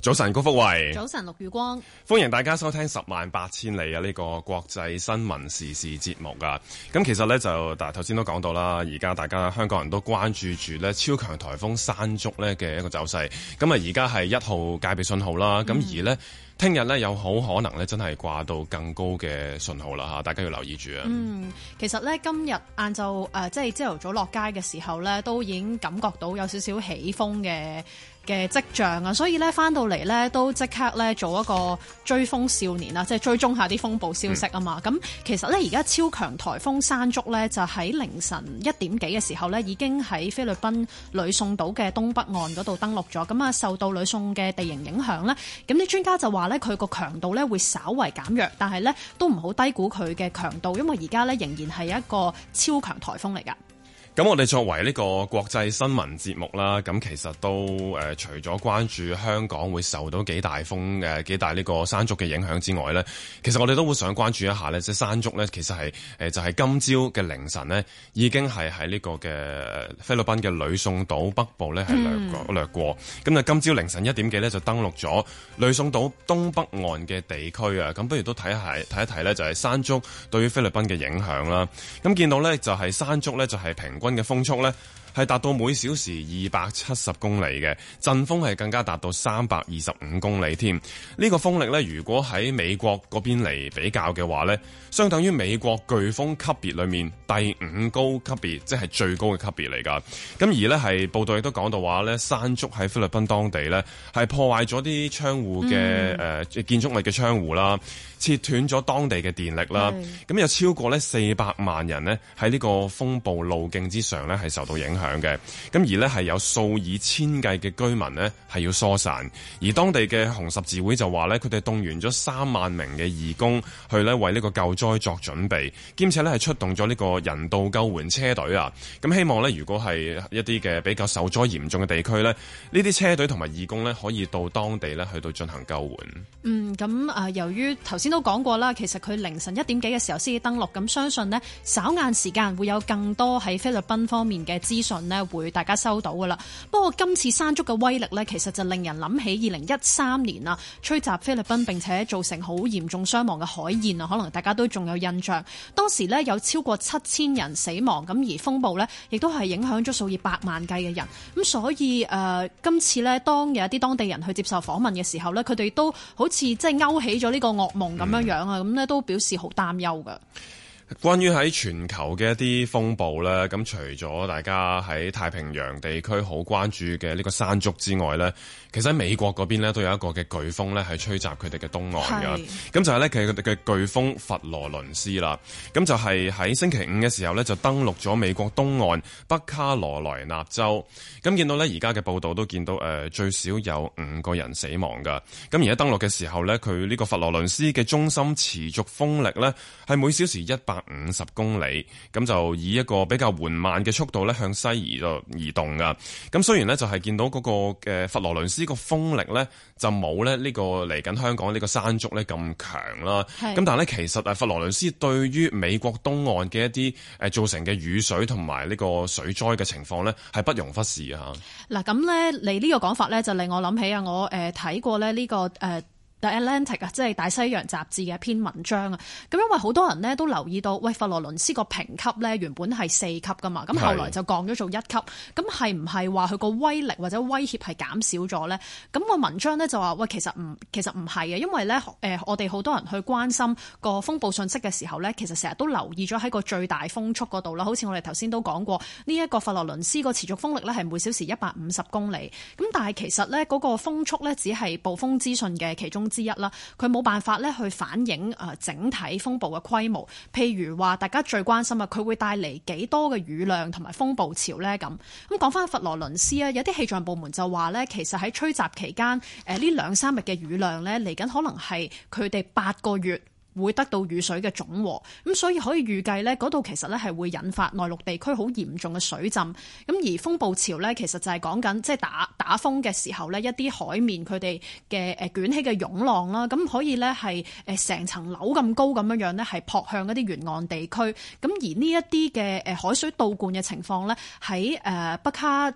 早晨，高福慧。早晨，陸月光。歡迎大家收聽《十萬八千里》啊！呢、這個國際新聞時事節目啊！咁其實咧就，頭先都講到啦，而家大家香港人都關注住咧超強颱風山竹咧嘅一個走勢。咁啊，而家係一號戒備信號啦。咁、嗯、而咧，聽日咧有好可能咧真係掛到更高嘅信號啦吓！大家要留意住啊！嗯，其實咧今日晏晝誒，即係朝頭早落街嘅時候咧，都已經感覺到有少少起風嘅嘅跡象啊，所以咧翻到嚟咧都即刻咧做一個追風少年啊，即係追蹤下啲風暴消息啊嘛。咁、嗯、其實咧而家超強颱風山竹咧就喺凌晨一點幾嘅時候咧已經喺菲律賓呂宋島嘅東北岸嗰度登陸咗。咁啊，受到呂宋嘅地形影響咧，咁啲專家就話咧佢個強度咧會稍為減弱，但係咧都唔好低估佢嘅強度，因為而家咧仍然係一個超強颱風嚟㗎。咁我哋作為呢個國際新聞節目啦，咁其實都誒、呃、除咗關注香港會受到幾大風誒、呃、幾大呢個山竹嘅影響之外呢，其實我哋都會想關注一下呢，即係山竹呢其實係誒、呃、就係、是、今朝嘅凌晨呢已經係喺呢個嘅菲律賓嘅呂宋島北部呢係掠、嗯、過、過，咁啊今朝凌晨一點幾呢就登陸咗呂宋島東北岸嘅地區啊，咁不如都睇下睇一睇呢就係、是、山竹對於菲律賓嘅影響啦。咁見到呢就係、是、山竹呢就係、是、平均。嘅風速咧，係達到每小時二百七十公里嘅，陣風係更加達到三百二十五公里添。呢個風力咧，如果喺美國嗰邊嚟比較嘅話咧，相等於美國颶風級別裏面第五高級別，即係最高嘅級別嚟噶。咁而咧係報道亦都講到話咧，山竹喺菲律賓當地咧係破壞咗啲窗戶嘅誒、嗯呃、建築物嘅窗戶啦，切斷咗當地嘅電力啦。咁有超過咧四百萬人咧喺呢個風暴路徑之上咧係受到影響。嘅，咁而呢，係有數以千計嘅居民呢，係要疏散，而當地嘅紅十字會就話呢，佢哋動員咗三萬名嘅義工去呢，為呢個救災作準備，兼且呢，係出動咗呢個人道救援車隊啊，咁希望呢，如果係一啲嘅比較受災嚴重嘅地區呢，呢啲車隊同埋義工呢，可以到當地呢，去到進行救援。嗯，咁啊，由於頭先都講過啦，其實佢凌晨一點幾嘅時候先至登陸，咁相信呢，稍晏時間會有更多喺菲律賓方面嘅資訊。呢會大家收到噶啦，不過今次山竹嘅威力呢，其實就令人諗起二零一三年啊，吹襲菲律賓並且造成好嚴重傷亡嘅海燕啊，可能大家都仲有印象。當時呢，有超過七千人死亡，咁而風暴呢，亦都係影響咗數以百萬計嘅人。咁所以誒，今次呢，當有一啲當地人去接受訪問嘅時候呢，佢哋都好似即係勾起咗呢個噩夢咁樣樣啊，咁呢都表示好擔憂噶。關於喺全球嘅一啲風暴咧，咁除咗大家喺太平洋地區好關注嘅呢個山竹之外咧，其實喺美國嗰邊咧都有一個嘅颶風咧，係吹襲佢哋嘅東岸噶咁就係咧佢哋嘅颶風佛羅倫斯啦，咁就係喺星期五嘅時候咧就登陸咗美國東岸北卡羅來納州，咁見到咧而家嘅報道都見到誒、呃，最少有五個人死亡噶咁而家登陸嘅時候咧佢呢個佛羅倫斯嘅中心持續風力咧係每小時一百。五十公里，咁就以一個比較緩慢嘅速度咧向西移就移動噶，咁雖然呢，就係、是、見到嗰、那個嘅、呃、佛羅倫斯個風力呢，就冇咧呢個嚟緊香港呢個山竹呢咁強啦，咁但係呢，其實誒、啊、佛羅倫斯對於美國東岸嘅一啲誒、呃、造成嘅雨水同埋呢個水災嘅情況呢，係不容忽視啊，嗱咁呢，你呢個講法呢，就令我諗起啊，我誒睇、呃、過呢、呢個誒。呃大 Atlantic 啊，即係大西洋雜誌嘅一篇文章啊，咁因為好多人咧都留意到，喂佛羅倫斯個評級咧原本係四級噶嘛，咁後來就降咗做一級，咁係唔係話佢個威力或者威脅係減少咗咧？咁個文章咧就話喂其實唔其實唔係嘅，因為咧誒我哋好多人去關心個風暴信息嘅時候咧，其實成日都留意咗喺個最大風速嗰度啦，好似我哋頭先都講過呢一個佛羅倫斯個持續風力咧係每小時一百五十公里，咁但係其實咧嗰個風速咧只係暴風資訊嘅其中。之一啦，佢冇辦法咧去反映啊整體風暴嘅規模。譬如話，大家最關心啊，佢會帶嚟幾多嘅雨量同埋風暴潮呢？咁咁講翻佛羅倫斯啊，有啲氣象部門就話呢，其實喺吹襲期間，誒呢兩三日嘅雨量呢嚟緊可能係佢哋八個月。會得到雨水嘅總和，咁所以可以預計咧，嗰度其實咧係會引發內陸地區好嚴重嘅水浸。咁而風暴潮咧，其實就係講緊即係打打風嘅時候呢一啲海面佢哋嘅誒捲起嘅湧浪啦，咁可以咧係誒成層樓咁高咁樣樣咧，係撲向一啲沿岸地區。咁而呢一啲嘅誒海水倒灌嘅情況咧，喺誒、呃、北卡誒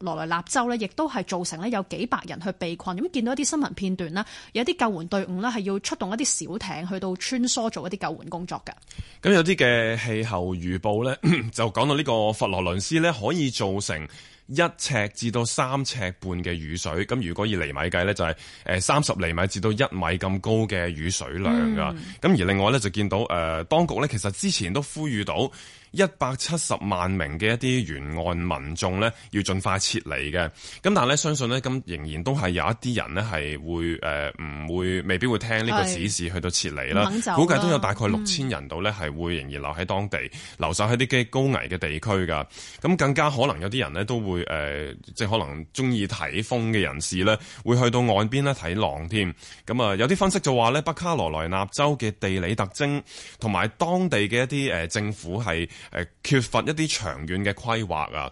羅來納州咧，亦都係造成咧有幾百人去被困。咁見到一啲新聞片段啦，有一啲救援隊伍呢，係要出動一啲小艇去，到穿梭做一啲救援工作嘅、嗯，咁有啲嘅氣候預報咧，就講到呢個佛羅倫斯咧，可以造成一尺至到三尺半嘅雨水，咁如果以厘米計咧，就係誒三十厘米至到一米咁高嘅雨水量噶，咁、嗯、而另外咧就見到誒、呃、當局咧，其實之前都呼籲到。一百七十萬名嘅一啲沿岸民眾呢，要盡快撤離嘅。咁但係咧，相信呢，咁仍然都係有一啲人呢，係會誒唔、呃、會未必會聽呢個指示去到撤離啦。估計都有大概六千人度呢，係會仍然留喺當地，嗯、留晒喺啲高危嘅地區㗎。咁更加可能有啲人呢，都會誒、呃，即係可能中意睇風嘅人士呢，會去到岸邊呢睇浪添。咁啊、嗯呃，有啲分析就話呢，北卡羅來納州嘅地理特徵同埋當地嘅一啲、呃、政府係。誒缺乏一啲長遠嘅規劃啊，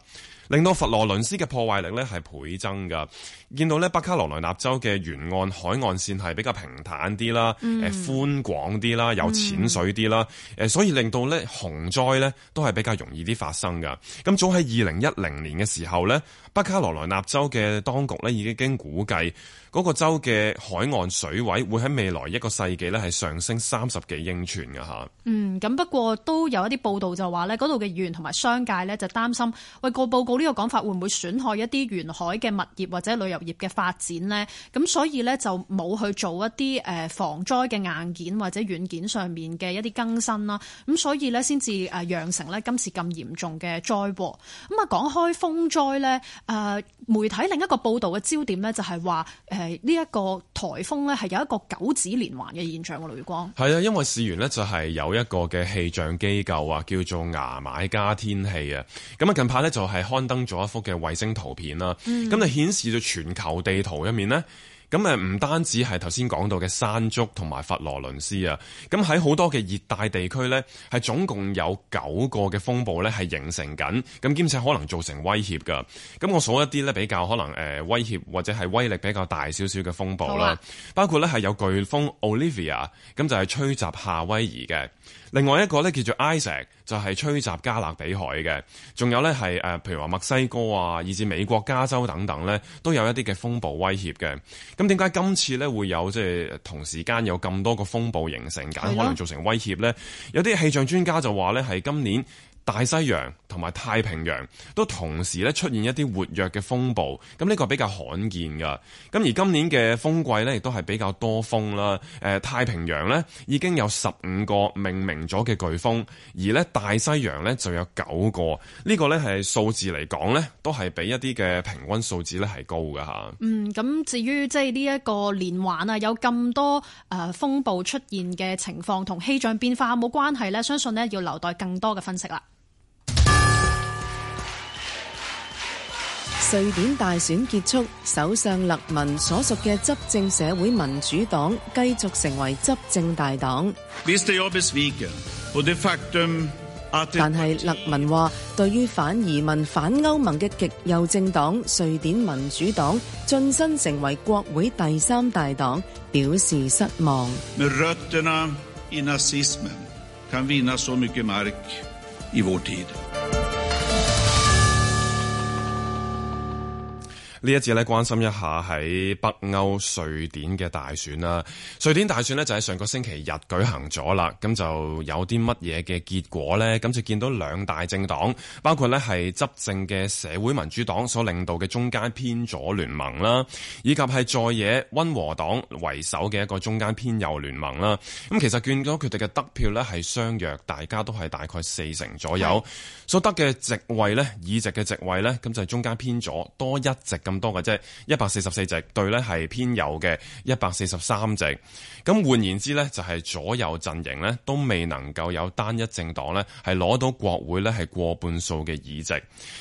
令到佛羅倫斯嘅破壞力咧係倍增㗎。見到咧、嗯嗯，北卡羅來納州嘅沿岸海岸線係比較平坦啲啦，誒寬廣啲啦，有淺水啲啦，誒所以令到咧洪災咧都係比較容易啲發生噶。咁早喺二零一零年嘅時候咧，北卡羅來納州嘅當局咧已經經估計嗰個州嘅海岸水位會喺未來一個世紀咧係上升三十幾英寸噶嚇。嗯，咁不過都有一啲報道就話咧，嗰度嘅議員同埋商界咧就擔心，喂個報告呢個講法會唔會損害一啲沿海嘅物業或者旅遊業嘅發展呢，咁所以呢，就冇去做一啲誒防災嘅硬件或者軟件上面嘅一啲更新啦，咁所以呢，先至誒釀成呢今次咁嚴重嘅災禍。咁啊講開風災呢，誒媒體另一個報道嘅焦點呢，就係話，誒呢一個颱風呢，係有一個九指連環嘅現象嘅雷光。係啊，因為事源呢，就係有一個嘅氣象機構啊，叫做牙買加天氣啊，咁啊近排呢，就係刊登咗一幅嘅衛星圖片啦，咁、嗯、啊，顯示咗全。球地圖入面呢，咁誒唔單止係頭先講到嘅山竹同埋佛羅倫斯啊，咁喺好多嘅熱帶地區呢，係總共有九個嘅風暴呢係形成緊，咁兼且可能造成威脅噶。咁我數一啲呢，比較可能誒威脅或者係威力比較大少少嘅風暴啦，啊，包括呢係有颶風 Olivia，咁就係吹襲夏威夷嘅。另外一個咧叫做 Isaac 就係吹襲加勒比海嘅，仲有咧係誒，譬如話墨西哥啊，以至美國加州等等咧，都有一啲嘅風暴威脅嘅。咁點解今次咧會有即係同時間有咁多個風暴形成，咁可能造成威脅咧？有啲氣象專家就話咧，係今年，大西洋同埋太平洋都同時咧出現一啲活躍嘅風暴，咁呢個比較罕見㗎。咁而今年嘅風季呢，亦都係比較多風啦。誒，太平洋呢，已經有十五個命名咗嘅颶風，而呢大西洋呢，就有九個。呢個呢係數字嚟講呢都係比一啲嘅平均數字呢係高嘅吓。嗯，咁至於即係呢一個連環啊，有咁多誒、呃、風暴出現嘅情況，同氣象變化冇關係呢，相信呢要留待更多嘅分析啦。瑞典大選結束，首相勒文所屬嘅執政社會民主黨繼續成為執政大黨。但係勒文話，對於反移民、反歐盟嘅極右政黨瑞典民主黨晉身成為國會第三大黨，表示失望。呢一節咧，關心一下喺北歐瑞典嘅大選啦、啊。瑞典大選呢，就喺、是、上個星期日舉行咗啦，咁就有啲乜嘢嘅結果呢？咁就見到兩大政黨，包括呢係執政嘅社會民主黨所領導嘅中間偏左聯盟啦，以及係在野溫和黨為首嘅一個中間偏右聯盟啦。咁其實見到佢哋嘅得票呢，係相若，大家都係大概四成左右。的所得嘅席位呢，議席嘅席位呢，咁就係中間偏左多一席咁。咁多嘅啫，一百四十四席對呢係偏右嘅一百四十三席。咁換言之呢，就係、是、左右陣營呢都未能夠有單一政黨呢係攞到國會呢係過半數嘅議席。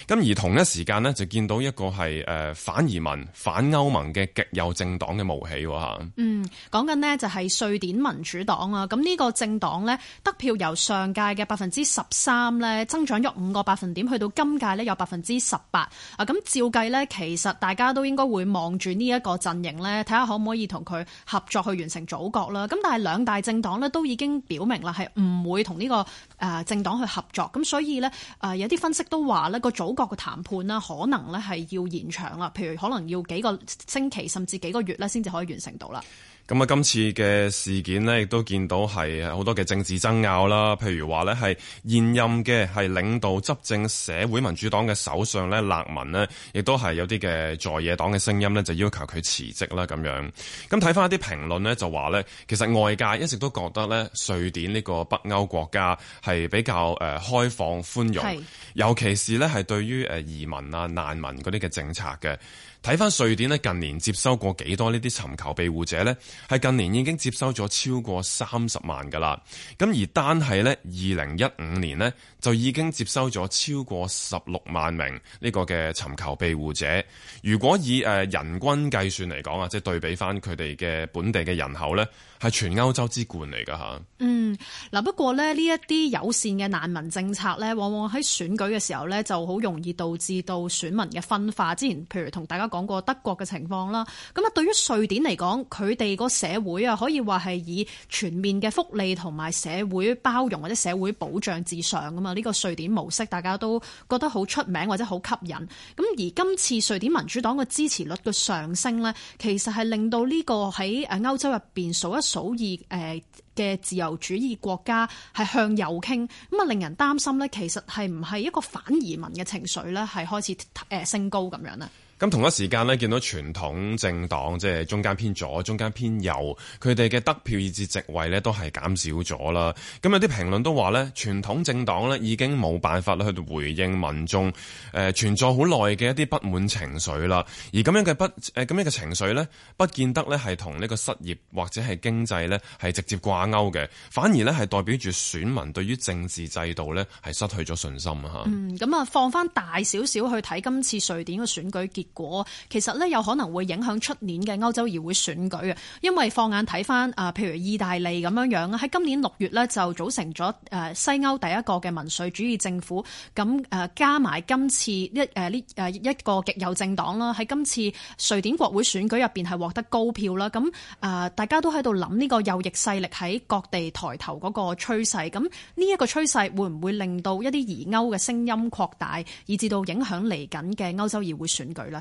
咁而同一時間呢，就見到一個係誒反移民、反歐盟嘅極右政黨嘅冒起吓。嗯，講緊呢，就係瑞典民主黨啊。咁呢個政黨呢，得票由上屆嘅百分之十三呢增長咗五個百分點，去到今屆呢有百分之十八。啊，咁照計呢，其實。大家都應該會望住呢一個陣營呢，睇下可唔可以同佢合作去完成組閣啦。咁但係兩大政黨呢，都已經表明啦，係唔會同呢個誒政黨去合作。咁所以呢，誒有啲分析都話呢個組閣嘅談判呢，可能呢係要延長啦，譬如可能要幾個星期，甚至幾個月呢，先至可以完成到啦。咁啊，今次嘅事件呢，亦都見到係好多嘅政治爭拗啦。譬如話呢，係現任嘅係領導執政社會民主黨嘅首相咧，勒文呢，亦都係有啲嘅在野黨嘅聲音呢，就要求佢辭職啦。咁樣，咁睇翻一啲評論呢，就話呢，其實外界一直都覺得呢，瑞典呢個北歐國家係比較、呃、開放、寬容，尤其是呢，係對於移民啊、難民嗰啲嘅政策嘅。睇翻瑞典，近年接收過幾多呢啲尋求庇護者呢？係近年已經接收咗超過三十萬噶啦。咁而單係呢，二零一五年呢，就已經接收咗超過十六萬名呢個嘅尋求庇護者。如果以、呃、人均計算嚟講啊，即係對比翻佢哋嘅本地嘅人口呢。係全歐洲之冠嚟㗎吓。嗯，嗱不過咧，呢一啲友善嘅難民政策咧，往往喺選舉嘅時候咧，就好容易導致到選民嘅分化。之前譬如同大家講過德國嘅情況啦，咁啊對於瑞典嚟講，佢哋個社會啊，可以話係以全面嘅福利同埋社會包容或者社會保障至上㗎嘛。呢個瑞典模式大家都覺得好出名或者好吸引。咁而今次瑞典民主黨嘅支持率嘅上升咧，其實係令到呢個喺誒歐洲入面數一數數以誒嘅自由主義國家係向右傾，咁啊令人擔心咧。其實係唔係一個反移民嘅情緒咧，係開始誒升高咁樣咧？咁同一時間呢，見到傳統政黨即係中間偏左、中間偏右，佢哋嘅得票以至席位呢都係減少咗啦。咁有啲評論都話呢，傳統政黨呢已經冇辦法去到回應民眾誒、呃、存在好耐嘅一啲不滿情緒啦。而咁樣嘅不、呃、咁樣嘅情緒呢，不見得呢係同呢個失業或者係經濟呢係直接掛鈎嘅，反而呢係代表住選民對於政治制度呢係失去咗信心嚇。嗯，咁啊放翻大少少去睇今次瑞典嘅選舉結果。果其實咧，有可能會影響出年嘅歐洲議會選舉嘅，因為放眼睇翻啊，譬如意大利咁樣樣喺今年六月咧就組成咗誒西歐第一個嘅民粹主義政府，咁誒加埋今次一誒呢誒一個極右政黨啦，喺今次瑞典國會選舉入邊係獲得高票啦，咁誒大家都喺度諗呢個右翼勢力喺各地抬頭嗰個趨勢，咁呢一個趨勢會唔會令到一啲疑歐嘅聲音擴大，以至到影響嚟緊嘅歐洲議會選舉呢？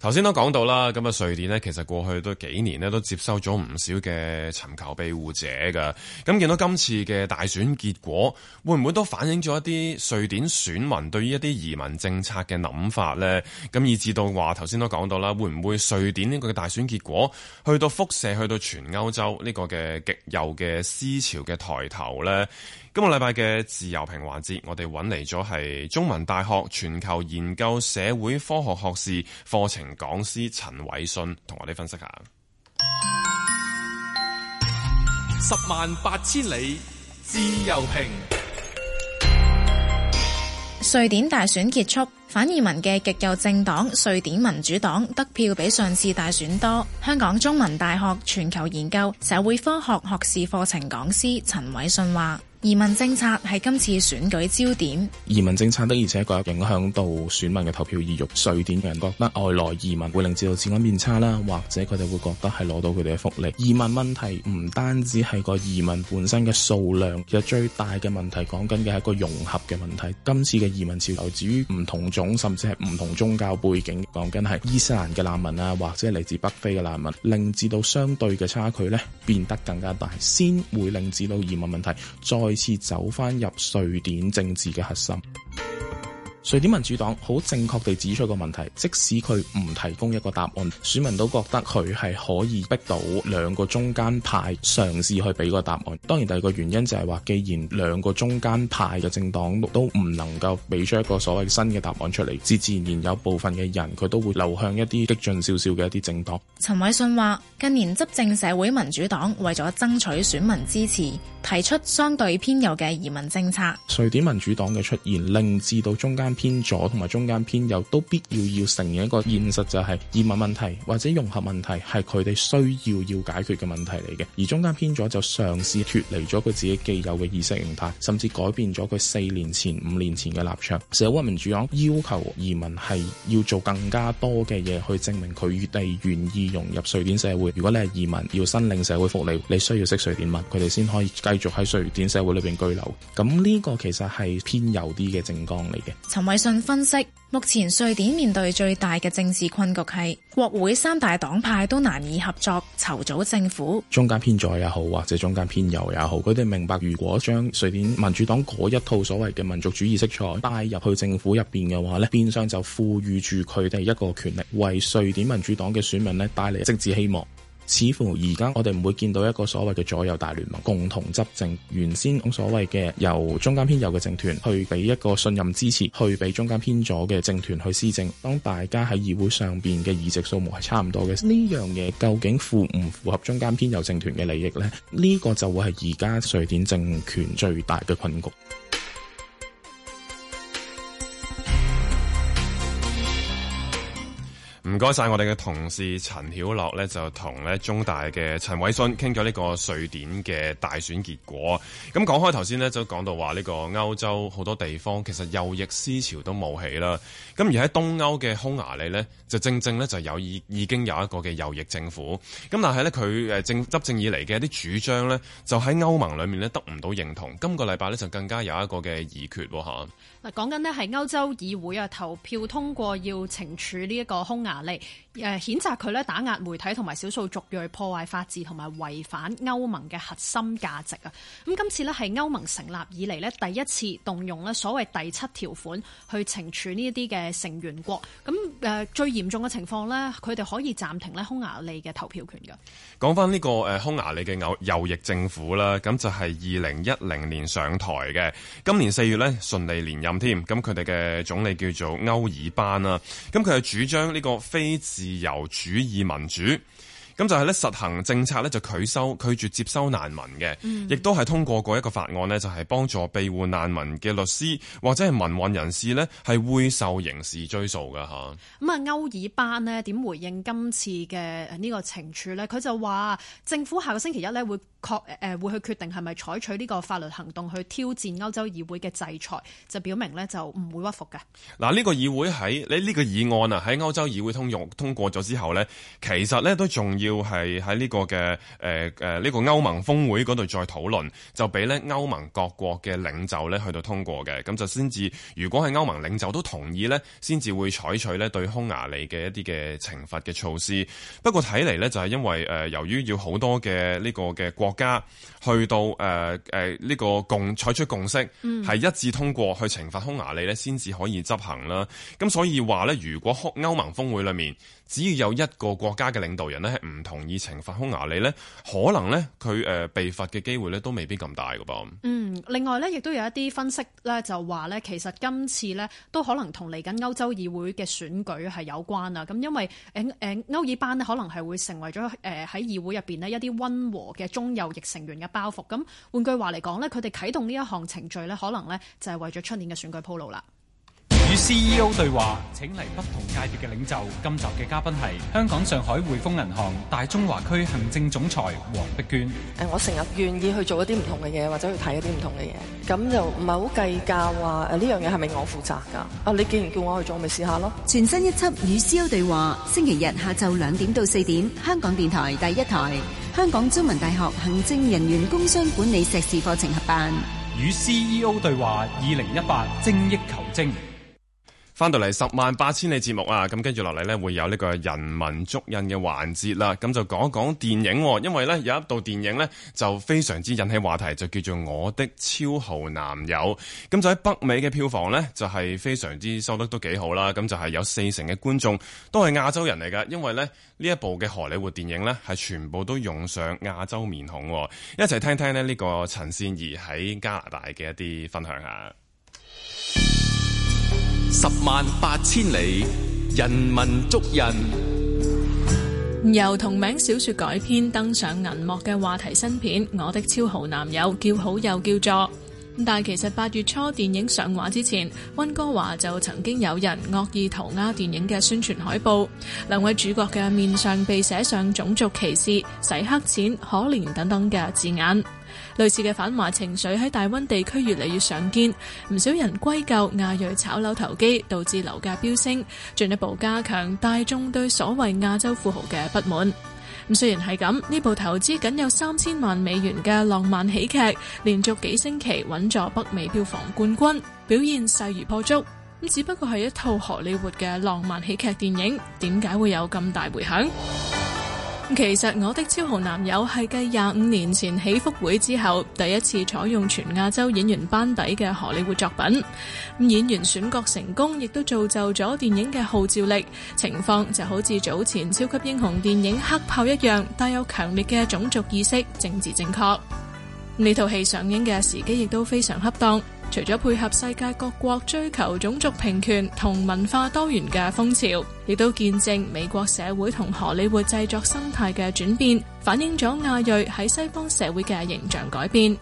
頭先都講到啦，咁啊瑞典呢？其實過去都幾年呢，都接收咗唔少嘅尋求庇護者㗎。咁見到今次嘅大選結果，會唔會都反映咗一啲瑞典選民對於一啲移民政策嘅諗法呢？咁以至到話，頭先都講到啦，會唔會瑞典呢個嘅大選結果去到輻射去到全歐洲呢個嘅極右嘅思潮嘅抬頭呢？今個禮拜嘅自由評環節，我哋揾嚟咗係中文大學全球研究社會科學學士課程。講師陳偉信同我哋分析下，十萬八千里自由評。瑞典大選結束，反移民嘅極右政黨瑞典民主黨得票比上次大選多。香港中文大學全球研究社會科學學士課程講師陳偉信話。移民政策係今次選舉焦點。移民政策的而且確影響到選民嘅投票意欲。瑞典人覺得外來移民會令至到治安變差啦，或者佢哋會覺得係攞到佢哋嘅福利。移民問題唔單止係個移民本身嘅數量，其實最大嘅問題講緊嘅係一個融合嘅問題。今次嘅移民潮來自於唔同種，甚至係唔同宗教背景，講緊係伊斯蘭嘅難民啊，或者係嚟自北非嘅難民，令至到相對嘅差距咧變得更加大，先會令至到移民問題再。每次走返入瑞典政治嘅核心。瑞典民主黨好正確地指出一個問題，即使佢唔提供一個答案，選民都覺得佢係可以逼到兩個中間派嘗試去俾個答案。當然，第二個原因就係話，既然兩個中間派嘅政黨都唔能夠俾出一個所謂新嘅答案出嚟，自自然然有部分嘅人佢都會流向一啲激進少少嘅一啲政黨。陳偉信話，近年執政社會民主黨為咗爭取選民支持，提出相對偏右嘅移民政策。瑞典民主黨嘅出現令至到中間。偏左同埋中間偏右都必要要承認一個現實，就係移民問題或者融合問題係佢哋需要要解決嘅問題嚟嘅。而中間偏左就嘗試脫離咗佢自己既有嘅意識形態，甚至改變咗佢四年前，五年前嘅立場。社會民主黨要，要求移民係要做更加多嘅嘢去證明佢哋願意融入瑞典社會。如果你係移民要申領社會福利，你需要識瑞典文，佢哋先可以繼續喺瑞典社會裏邊居留。咁呢個其實係偏右啲嘅政綱嚟嘅。陳偉信分析，目前瑞典面對最大嘅政治困局係國會三大黨派都難以合作籌組政府。中間偏左也好，或者中間偏右也好，佢哋明白如果將瑞典民主黨嗰一套所謂嘅民族主義色彩帶入去政府入邊嘅話咧，變相就賦予住佢哋一個權力，為瑞典民主黨嘅選民咧帶嚟政治希望。似乎而家我哋唔會見到一個所謂嘅左右大聯盟共同執政。原先的所謂嘅由中間偏右嘅政團去俾一個信任支持，去俾中間偏左嘅政團去施政。當大家喺議會上邊嘅議席數目係差唔多嘅，呢樣嘢究竟符唔符合中間偏右政團嘅利益咧？呢、這個就會，係而家瑞典政權最大嘅困局。唔該曬，我哋嘅同事陳曉樂咧就同咧中大嘅陳偉信傾咗呢個瑞典嘅大選結果。咁講開頭先咧，就講到話呢個歐洲好多地方其實右翼思潮都冒起啦。咁而喺東歐嘅匈牙利咧，就正正咧就有已已經有一個嘅右翼政府。咁但係咧佢誒政執政以嚟嘅一啲主張咧，就喺歐盟裡面咧得唔到認同。今個禮拜咧就更加有一個嘅疑決吓。嗱，講緊咧係歐洲議會啊投票通過要懲處呢一個匈牙。嚟誒譴責佢咧打壓媒體同埋少數族裔破壞法治同埋違反歐盟嘅核心價值啊！咁今次呢，係歐盟成立以嚟呢，第一次動用呢所謂第七條款去懲處呢一啲嘅成員國。咁誒最嚴重嘅情況呢，佢哋可以暫停呢匈牙利嘅投票權噶。講翻呢個誒匈牙利嘅右右翼政府啦，咁就係二零一零年上台嘅，今年四月呢，順利連任添。咁佢哋嘅總理叫做歐爾班啦。咁佢係主張呢個。非自由主義民主。咁就係咧實行政策咧就拒收拒絕接收難民嘅，亦都係通過過一個法案咧，就係幫助庇護難民嘅律師或者係民運人士咧，係會受刑事追訴嘅吓，咁啊歐爾班咧點回應今次嘅呢個懲處咧？佢就話政府下個星期一咧會確誒、呃、會去決定係咪採取呢個法律行動去挑戰歐洲議會嘅制裁，就表明咧就唔會屈服嘅。嗱呢個議會喺你呢個議案啊喺歐洲議會通融通過咗之後咧，其實咧都仲要。要係喺呢個嘅誒誒呢個歐盟峰會嗰度再討論，就俾咧歐盟各國嘅領袖咧去到通過嘅，咁就先至。如果係歐盟領袖都同意咧，先至會採取咧對匈牙利嘅一啲嘅懲罰嘅措施。不過睇嚟咧，就係、是、因為誒、呃、由於要好多嘅呢個嘅國家去到誒誒呢個共採取共識，係、嗯、一致通過去懲罰匈牙利咧，先至可以執行啦。咁所以話咧，如果歐歐盟峰會裏面只要有一個國家嘅領導人咧唔唔同意懲罰匈牙利呢？可能呢，佢誒被罰嘅機會呢都未必咁大噶噃。嗯，另外呢，亦都有一啲分析呢，就話呢，其實今次呢都可能同嚟緊歐洲議會嘅選舉係有關啊。咁因為誒誒，歐爾班呢，可能係會成為咗誒喺議會入邊呢一啲溫和嘅中右翼成員嘅包袱。咁換句話嚟講呢，佢哋啟動呢一項程序呢，可能呢就係為咗出年嘅選舉鋪路啦。與 CEO 對話，請嚟不同界別嘅領袖。今集嘅嘉賓係香港上海匯豐銀行大中華區行政總裁黃碧娟。誒，我成日願意去做一啲唔同嘅嘢，或者去睇一啲唔同嘅嘢。咁就唔係好計較話誒呢樣嘢係咪我負責噶。啊，你既然叫我去做，咪試下咯。全新一輯與 CEO 對話，星期日下晝兩點到四點，香港電台第一台，香港中文大學行政人員工商管理碩士課程合辦。與 CEO 對話，二零一八精益求精。翻到嚟十萬八千里節目啊，咁跟住落嚟呢，會有呢個人文足印嘅環節啦，咁就講講電影、哦，因為呢有一部電影呢，就非常之引起話題，就叫做《我的超豪男友》。咁就喺北美嘅票房呢，就係、是、非常之收得都幾好啦，咁就係有四成嘅觀眾都係亞洲人嚟㗎，因為呢呢一部嘅荷里活電影呢，係全部都用上亞洲面孔、哦，一齊聽聽呢，呢個陳善宜喺加拿大嘅一啲分享啊。十萬八千里，人文足印。由同名小說改編登上銀幕嘅話題新片《我的超豪男友》，叫好又叫座。但其實八月初電影上畫之前，溫哥華就曾經有人惡意塗鴉電影嘅宣傳海報，兩位主角嘅面上被寫上種族歧視、洗黑錢、可憐等等嘅字眼。類似嘅反華情緒喺大溫地區越嚟越常見，唔少人歸咎亞裔炒樓投機，導致樓價飆升，進一步加強大眾對所謂亞洲富豪嘅不滿。咁雖然係咁，呢部投資僅有三千萬美元嘅浪漫喜劇，連續幾星期穩坐北美票房冠軍，表現勢如破竹。咁只不過係一套荷里活嘅浪漫喜劇電影，點解會有咁大回響？其實我的超豪男友係繼廿五年前喜福會之後，第一次採用全亞洲演員班底嘅荷里活作品。演員選角成功，亦都造就咗電影嘅號召力。情況就好似早前超級英雄電影黑豹一樣，帶有強烈嘅種族意識、政治正確。呢套戲上映嘅時機亦都非常恰當。除咗配合世界各國追求種族平權同文化多元嘅風潮，亦都見證美國社會同荷里活製作生態嘅轉變，反映咗亞裔喺西方社會嘅形象改變。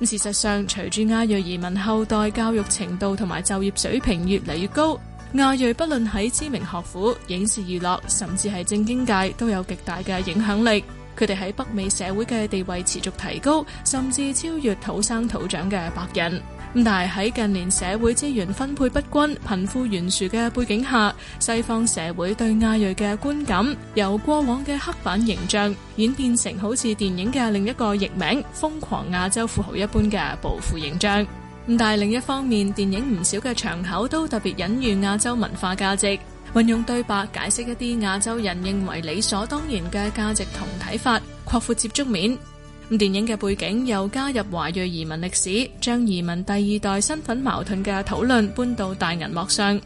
咁事實上，隨住亞裔移民後代教育程度同埋就業水平越嚟越高，亞裔不論喺知名學府、影視娛樂，甚至係政經界，都有極大嘅影響力。佢哋喺北美社會嘅地位持續提高，甚至超越土生土長嘅白人。但係喺近年社會資源分配不均、貧富懸殊嘅背景下，西方社會對亞裔嘅觀感由過往嘅黑板形象演變成好似電影嘅另一個譯名《瘋狂亞洲富豪》一般嘅暴富形象。但係另一方面，電影唔少嘅場口都特別隱喻亞洲文化價值，運用對白解釋一啲亞洲人認為理所當然嘅價值同睇法，擴闊接觸面。咁電影嘅背景又加入華裔移民歷史，將移民第二代身份矛盾嘅討論搬到大銀幕上。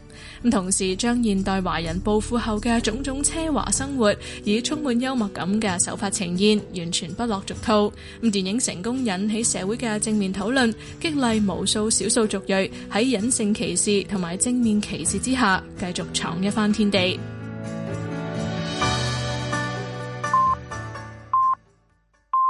咁同時將現代華人暴富後嘅種種奢華生活，以充滿幽默感嘅手法呈現，完全不落俗套。咁電影成功引起社會嘅正面討論，激勵無數少數族裔喺隱性歧視同埋正面歧視之下，繼續闖一番天地。